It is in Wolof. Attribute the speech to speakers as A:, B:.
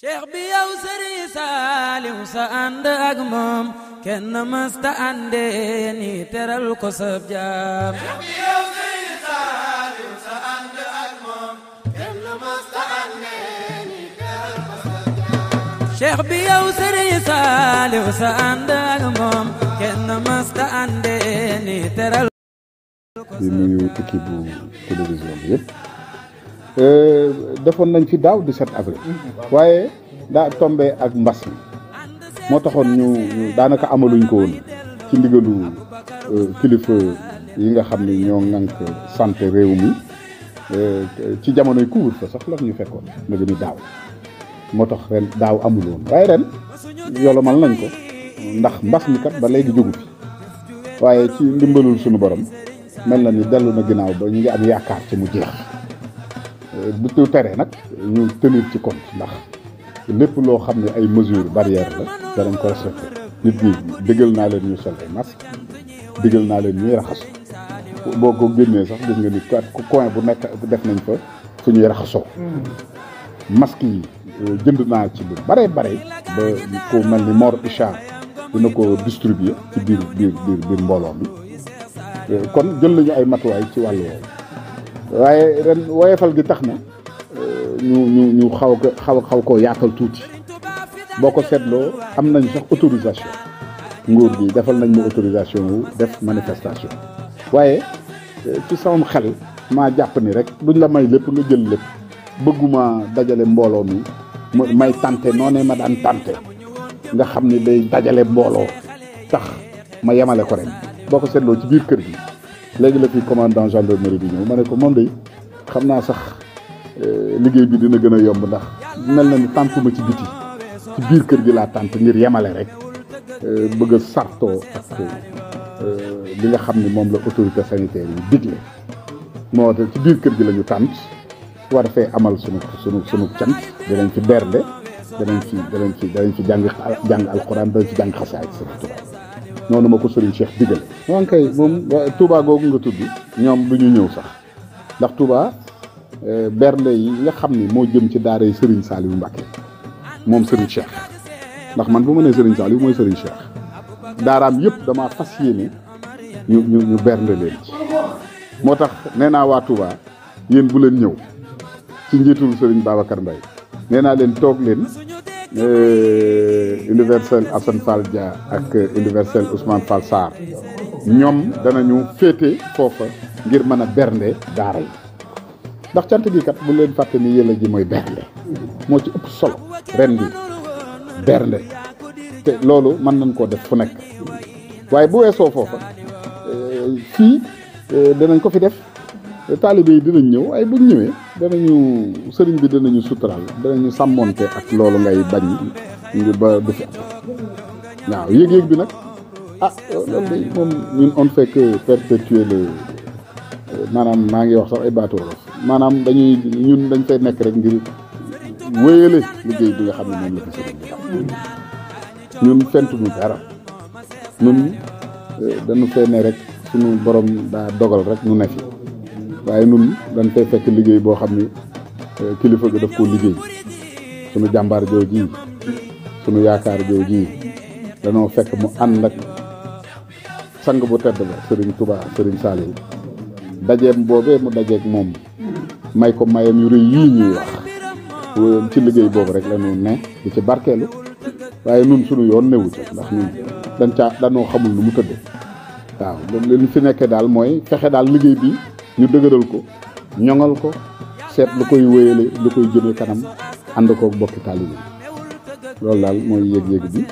A: cheikh bi yow sëriñ saaliw sa ànd ak moom kenn mësta ànde ni teral ko sab jaam cheikh bi yow sëriñ saaliw sa ànd ak moom kenn mësta ànde ni teral ko sab jaam cheikh bi yow sëriñ saaliw sa ànd ak moom kenn mësta ànde ni teral ko sab jaam di nuyu équipe bu télévision bi yëpp Euh, defoon nañ fi daaw di set avril waaye daa tombé ak mbas mi moo taxoon ñu daanaka amaluñ ko woon ci ndigalu euh, kilifa yi nga xam ni ñoo ŋànk santé réew mi euh, ci jamonoy couvre-feu sax la ñu fekkoon na gëni daaw moo tax ren daaw amul woon waaye ren yolomal nañ ko ndax mbas mi kat ba léegi jógu fi waaye ci ndimbalul suñu borom mel na ni dellu na ginnaaw ba ñu ngi am yaakaar ci mu jeex du du tere nag ñu tenir ci compte ndax lépp loo xam ne ay mesures barrières la danañ ko respecté nit ñi digal naa leen ñu sol ay masque digal naa leen ñuy raxasu boo ko génnee sax gis nga ni coin bu nekk def nañ fa fu ñuy raxasoo hmm. masque yi euh, jënd naa ci lu bare bare ba ku mal ni Mor Isha na ko distribuer ci biir biir biir biir mbooloo mi euh, kon jël nañu ay matuwaay ci wàllu woowu waaye ren woyefal gi tax na euh, ñu ñu ñu xaw ko xaw xaw ko yaatal tuuti boo ko seetloo am nañ sax autorisation nguur gi defal nañ mu autorisation wu def manifestation waaye euh, ci sama xel maa jàpp ni rek duñ la may lépp nga jël lépp bëgguma dajale mbooloo mi may tante noo ne ma daan tante nga xam ni day dajale mbooloo tax ma yemale ko rek boo ko seetloo ci biir kër gi léegi la fi commandant gendarmerie bi ñëw ma ne ko moom de xam naa sax euh, liggéey bi dina gën a yomb ndax mel na ni tàntuma ci biti ci biir kër gi laa tànt ngir yemale rek euh, bëgg a sartoo ak euh, li nga xam ni moom la autorité sanitaire yi digle moo tax ci biir kër gi la ñu tànt war fee amal sunu sunu sunu cant danañ ci bernde danañ ci danañ ci danañ ci jàng al alxuraan danañ ci jàng xasaay sunu Tuubaa noonu ma ko Serigne Cheikh digal wan kay moom Touba googu nga tudd ñoom bu ñu ñëw sax ndax Touba eh, bernde yi nga xam ni moo jëm ci daara yi Serigne Saliou Mbacké moom Serigne Cheikh ndax man bu ma nee Serigne Saliou mooy Serigne Cheikh daaraam yëpp damaa fas yéene ñu ñu ñu bernde leen moo tax nee waa Touba yéen bu leen ñëw ci njiitul Serigne Babacar Mbaye nee leen toog leen eh, universel Assane Fall Dia ak universel Ousmane Fall Sarr ñoom danañu féete foofa ngir mën a bernde daara yi ndax cant gi kat bu leen fàtte ni yëla ji mooy bernde moo ci ëpp solo ren bi bernde te loolu mën nañ koo def fu nekk waaye bu weesoo foofa eh, fii eh, danañ ko fi def taalibe yi dinañ ñëw ay buñ ñëwee danañu sëriñ bi danañu suturaal danañu sàmmoonte ak loolu ngay bañ ngir ba du fi waaw yëg-yëg bi nag ah loolu day moom ñun on fait que perpétuer le euh, maanaam maa ngi wax sax ay baatu maanaam dañuy ñun dañ fay nekk rek ngir wéyale liggéey bi nga xam ne moom la dara ñun euh, dañu fee rek suñu borom daa dogal rek nu nekk fi waaye ñun dañ fay fekk liggéey boo xam ni euh, kilifa gi def koo liggéey suñu jàmbaar jooju sunu yaakaar jooju ji danoo fekk mu ànd ak sang bu tedd ba sëriñ Touba sëriñ Saliou dajeem boobee mu dajeeg moom may ko mayam yu rëy yii ñuy wax ci liggéey boobu rek la ñu ne di ci barkeelu waaye nun sunu yoon newu ca ndax ñun dañ caa danoo xamul nu mu tëdd waaw lu ñu fi nekkee daal mooy fexe daal liggéey bi ñu dëgëral ko ñoŋal ko seet lu koy wéyale lu koy jëme kanam ànd koog bokki taalibe lool daal mooy yëg-yëg bi